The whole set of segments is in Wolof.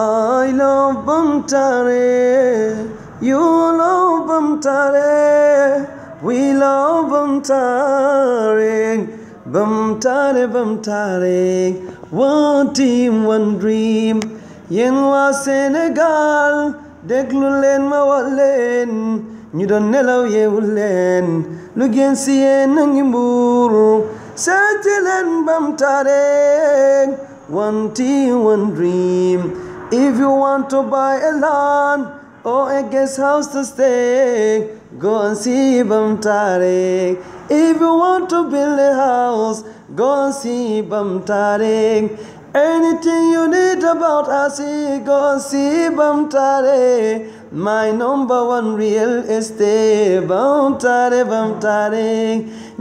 I love Bamtare, you love Bamtare, we love Bamtare. Bamtare, Bamtare, one team, waa Sénégal, déglu leen ma wax leen, ñu doon nelaw yeewu leen, lu gën si yéen ngi mbuur, seeti leen Bamtare, one team, If you want to buy a land or a guest house to stay, go and see Ibam If you want to build a house, go and see Ibam Anything you need about Asi, go and see Ibam My number real estate, Bam Tariq, Bam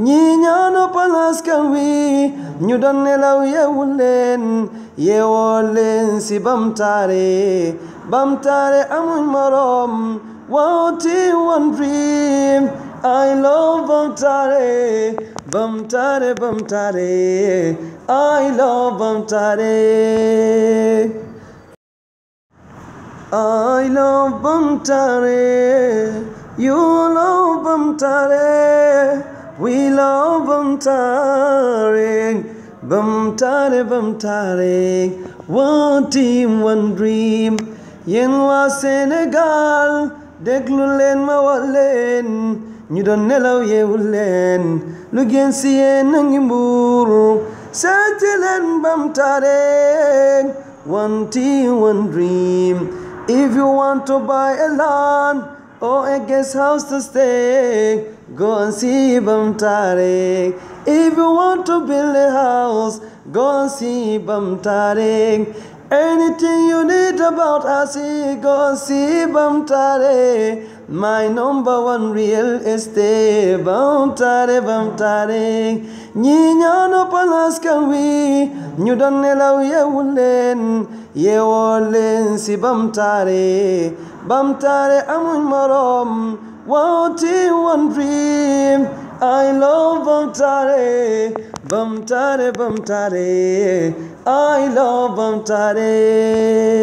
ñi ñoo noppal askan wi ñu doon nelaw yeewu leen yeewoo leen si bamtaare bamtaare amuñ morom wawti one dream I love bamtaare bamtaare bamtaare I love bamtaare I love bamtaare you love bamtaare wilaw bam tarig bam tare bam tarig one team one dream yéen waa Sénégal déglu leen ma wax leen ñu doon nelaw yeewu leen lu gën si yéen a ngi mbuur seeti leen bam tarig one team one dream if you want to buy a land o a guest house to stay. Go and see Ibam If you want to build a house, go and see Ibam Anything you need about us, go and see Ibam My number one real estate bamtaare bamtaare ñi ñoo noppal askan ñu doon nelaw yeewu leen yeewoo leen si bamtaare bamtaare amuñ morom wanti one dream I love bamtaare bamtaare bamtaare I love bamtaare